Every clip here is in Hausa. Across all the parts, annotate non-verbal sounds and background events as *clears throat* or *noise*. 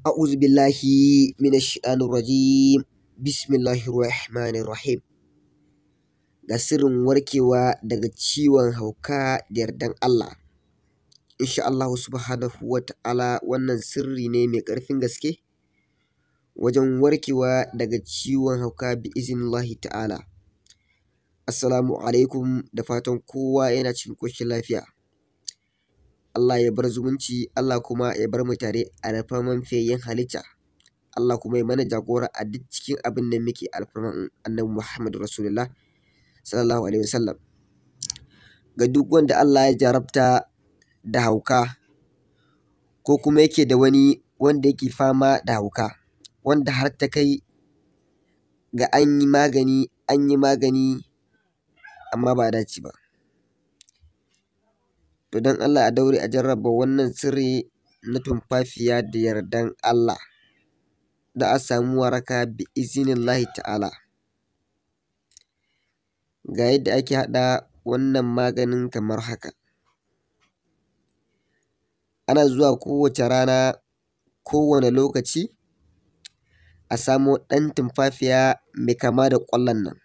أعوذ بالله من الشيطان الرجيم بسم الله الرحمن الرحيم ga sirrin warkewa daga ciwon hauka da yardan Allah insha Allah subhanahu wa ta'ala wannan sirri ne mai ƙarfin gaske wajen warkewa daga ciwon hauka bi iznillahi ta'ala assalamu alaikum da fatan kowa yana cikin koshin lafiya Allah ya bar zumunci Allah kuma ya bar mu tare a alfarman fiyayyen halitta Allah kuma ya mana jagora a duk cikin abin da muke alfarman annabi Muhammad Rasulullah sallallahu alaihi wasallam ga duk wanda Allah ya jarabta da hauka ko kuma yake da wani wanda yake fama da hauka wanda har ta kai ga an yi magani an yi magani amma ba dace ba To don Allah a daure a jarraba wannan sirri na tumfafiya da yardan Allah da a samu waraka bi lahi ta'ala. Ga yadda ake haɗa wannan maganin kamar haka. Ana zuwa kowace rana kowane lokaci a samo ɗan tumfafiya mai kama da ƙwallon nan.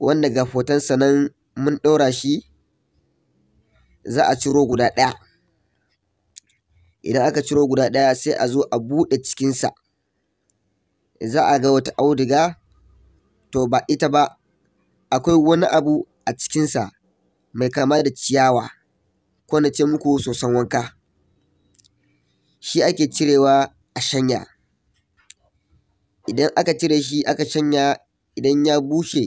wanda ga hotonsa nan mun ɗora shi za a ciro guda ɗaya idan aka ciro guda ɗaya sai a zo a buɗe cikinsa za a ga wata auduga to ba ita ba akwai wani abu a cikinsa mai kama da ciyawa ko na ce muku soson wanka shi ake cirewa a shanya idan aka cire shi aka shanya idan ya bushe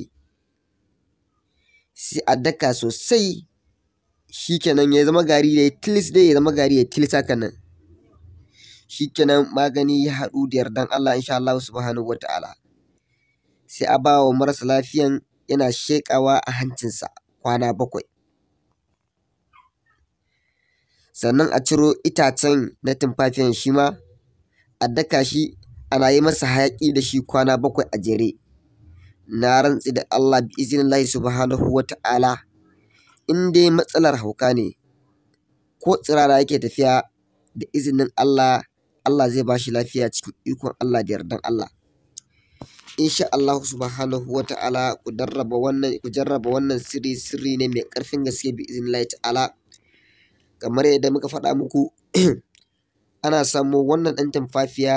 sai a daka sosai shi kenan ya zama gari da ya tilis dai ya zama gari ya tilis haka nan Shi shikenan magani ya haɗu da yardan Allah insha Allah subhanahu wataala sai a ba wa marasa lafiyan yana sheƙawa a hancinsa kwana bakwai sannan a ciro itacen na tumfafiyan shi ma a daka shi ana yi masa hayaƙi da shi kwana bakwai a jere na rantsi da Allah bi izinin Allah subhanahu wa ta'ala in dai matsalar hauka ne ko tsirara yake tafiya da izinin Allah Allah zai ba shi lafiya cikin ikon Allah da yardan Allah insha Allah subhanahu wa ta'ala ku darraba wannan ku jarraba wannan sirri sirri ne mai karfin gaske bi izinin Allah ta'ala kamar yadda muka faɗa muku *clears throat* ana samo wannan ɗan tumfafiya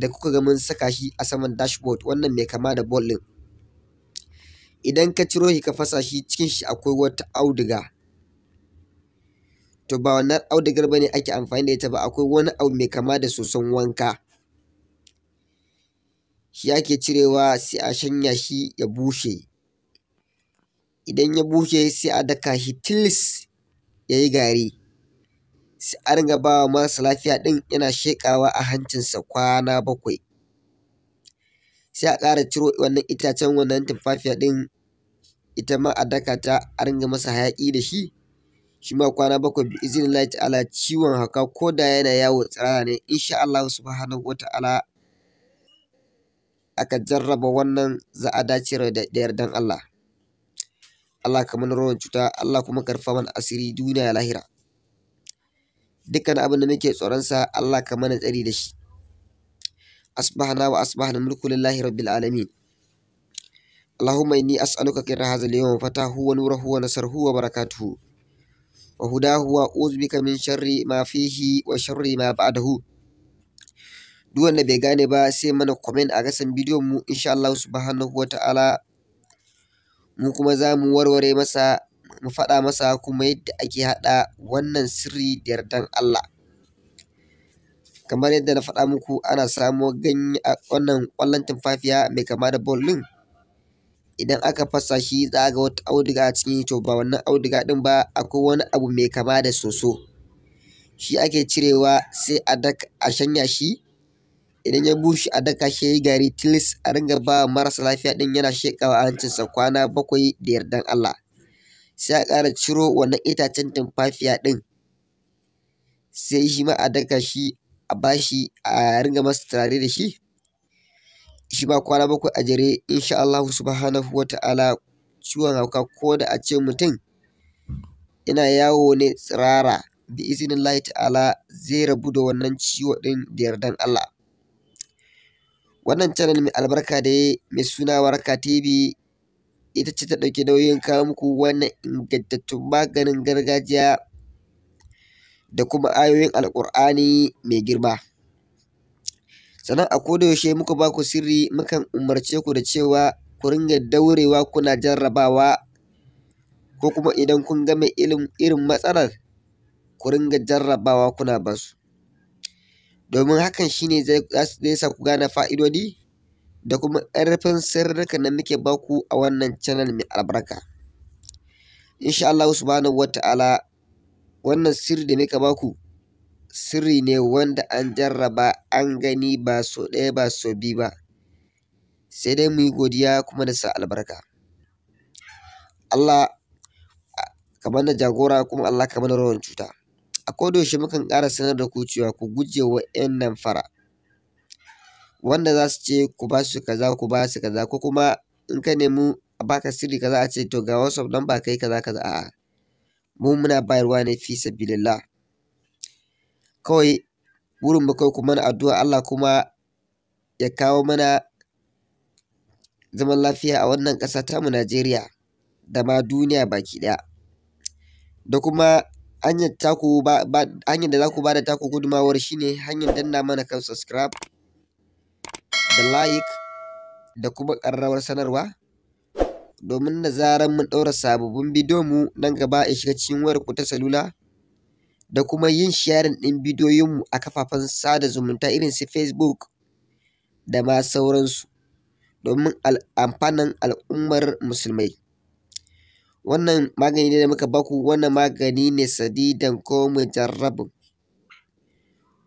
da kuka ga mun saka shi a saman dashboard wannan mai kama da ball ɗin. Idan ka ciro shi ka fasa shi cikin shi akwai wata auduga to ba wannan audugar bane ake amfani da ita ba akwai wani abu mai kama da soson wanka. shi ake cirewa sai a shanya shi ya bushe idan ya bushe sai a daka shi tilis ya yi gari a ringa ba wa marasa lafiya ɗin yana sheƙawa a hancinsa kwana bakwai. Sai a ƙara ciro wannan itacen wannan tufafiya ɗin ita ma a daka ta a ringa masa hayaƙi da shi shi ma kwana bakwai bi izinin Allah ta'ala ciwon haka ko da yana yawo tsirara ne insha Allah subhanahu wata'ala aka jarraba wannan za a dace da yardan Allah Allah ka mana rawan cuta Allah kuma karfa mana asiri duniya lahira dukkan abin da muke tsoronsa Allah ka mana tsari da shi asbahna wa asbahna mulku lillahi rabbil alamin اللهم إني أسألك خير wa اليوم wa ونوره ونصره wa وهداه وأعوذ min sharri ma fihi wa sharri ma ba'dahu duk wanda bai gane ba sai mana comment a gasan bidiyon mu insha Allah subhanahu wataala mu kuma za mu warware masa mu faɗa masa kuma yadda ake haɗa wannan sirri da yardan Allah. Kamar yadda na faɗa muku ana samo ganye a wannan ƙwallon tumfafiya mai kama da bol ɗin. Idan aka fasa shi za a ga wata auduga a ciki to ba wannan auduga ɗin ba akwai wani abu mai kama da soso. Shi ake cirewa sai a daka a shanya shi idan ya bushe a daka shi yayi gari tilis a ringa ba marasa lafiya ɗin yana sheƙawa a hancinsa kwana bakwai da yardan Allah. sai a ƙara ciro wannan itacen tumfafiya ɗin sai shi ma a daka shi a bashi a ringa masa turare da shi shi ba kwana bakwai a jere insha Allahu subhanahu wa ta'ala ciwon hauka ko da a ce mutum Ina yawo ne tsirara bi izinin Allah ta'ala zai rabu da wannan ciwo ɗin da yardan Allah wannan channel mai albarka da mai suna waraka tv ita ce ta ɗauki nauyin kawo muku wannan ingantattun maganin gargajiya da kuma ayoyin alƙur'ani mai girma. Sannan a koda yaushe muka ba ku sirri mukan umarce ku da cewa ku ringa daurewa kuna jarrabawa ko kuma idan kun ga mai irin matsalar ku ringa jarrabawa kuna basu. Domin hakan shi ne zai sa ku gane fa'idodi da kuma ƙarfin sirrika da muke baku a wannan channel mai albarka insha Allah subhanahu wata'ala wannan sirri da muka baku sirri ne wanda an jarraba an gani ba so ɗaya ba so biyu ba sai dai mu yi godiya kuma da sa albarka Allah ka da jagora kuma Allah ka da rawan cuta a kodayaushe mukan ƙara sanar da ku cewa ku guje wa 'yan nan fara wanda za su ce ku ba su kaza ku ba su kaza ko kuma in ka nemi a baka sirri kaza a ce to ga wasu don ba kai kaza kaza a'a mu muna bayarwa ne fi sabilillah kawai burin mu kai kuma na addu'a Allah kuma ya kawo mana zaman lafiya a wannan ƙasa tamu Najeriya da ma duniya baki ɗaya da kuma hanyar da za ku ba da taku gudumawar shine hanyar danna mana kan subscribe da like da kuma ƙararrawar sanarwa domin da zarar mun ɗaura sababbin bidiyo mu nan gaba a shiga cikin wayar ku ta salula da kuma yin sharing ɗin bidiyoyin mu a kafafen sada zumunta irin su Facebook da ma sauransu domin amfanin al'ummar musulmai wannan magani ne da muka baku wannan magani ne sadidan ko mujarrabin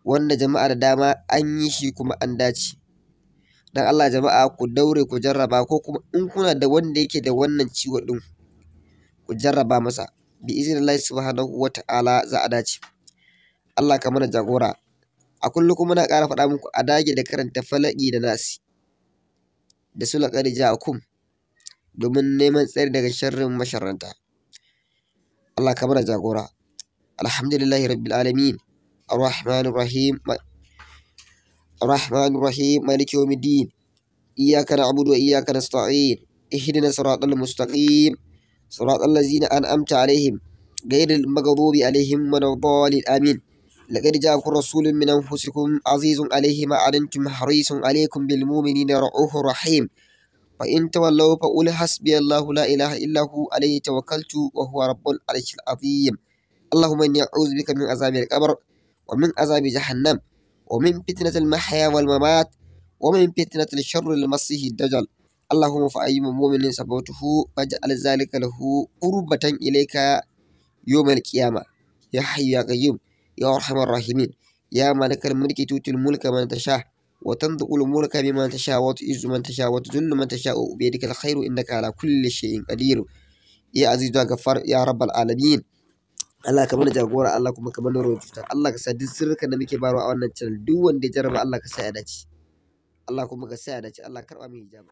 wanda jama'a da dama an yi shi kuma an dace dan Allah jama'a ku daure ku jarraba ko kuma in kuna da wanda yake da wannan ciwo din ku jarraba masa bi iznillahi subhanahu wata'ala za a dace Allah ka mana jagora a kullum kuma na ƙara faɗa muku a dage da karanta falaki da nasi da su laƙari kum. domin neman tsari daga sharrin masharanta Allah ka mana jagora alhamdulillahi rabbil alamin الرحمن الرحيم الرحمن الرحيم مالك يوم الدين إياك نعبد وإياك نستعين اهدنا صراط المستقيم صراط الذين أنعمت عليهم غير المغضوب عليهم ولا الضالين آمين لقد جاءكم رسول من أنفسكم عزيز عليه ما أعنتم حريص عليكم بالمؤمنين رؤوف رحيم فإن تولوا فقل حسبي الله لا إله إلا هو عليه توكلت وهو رب العرش العظيم اللهم إني أعوذ بك من عذاب القبر ومن عذاب جهنم ومن فتنة المحيا والممات ومن فتنة الشر المسيح الدجل اللهم فأيما مؤمن سبوته فاجعل ذلك له قربة إليك يوم القيامة يا حي يا قيوم يا أرحم الراحمين يا ملك الملك تؤتي الملك من تشاء وتنطق الملك بما تشاء وتعز من تشاء وتذل من تشاء بيدك الخير إنك على كل شيء قدير يا عزيز يا غفار يا رب العالمين Allah ka mana jagora Allah kuma ka mana rubuta Allah ka sa duk sirrika da muke barwa a wannan channel duk wanda ya jarraba Allah ka sa ya dace Allah kuma ka sa ya dace Allah karba mu hijaba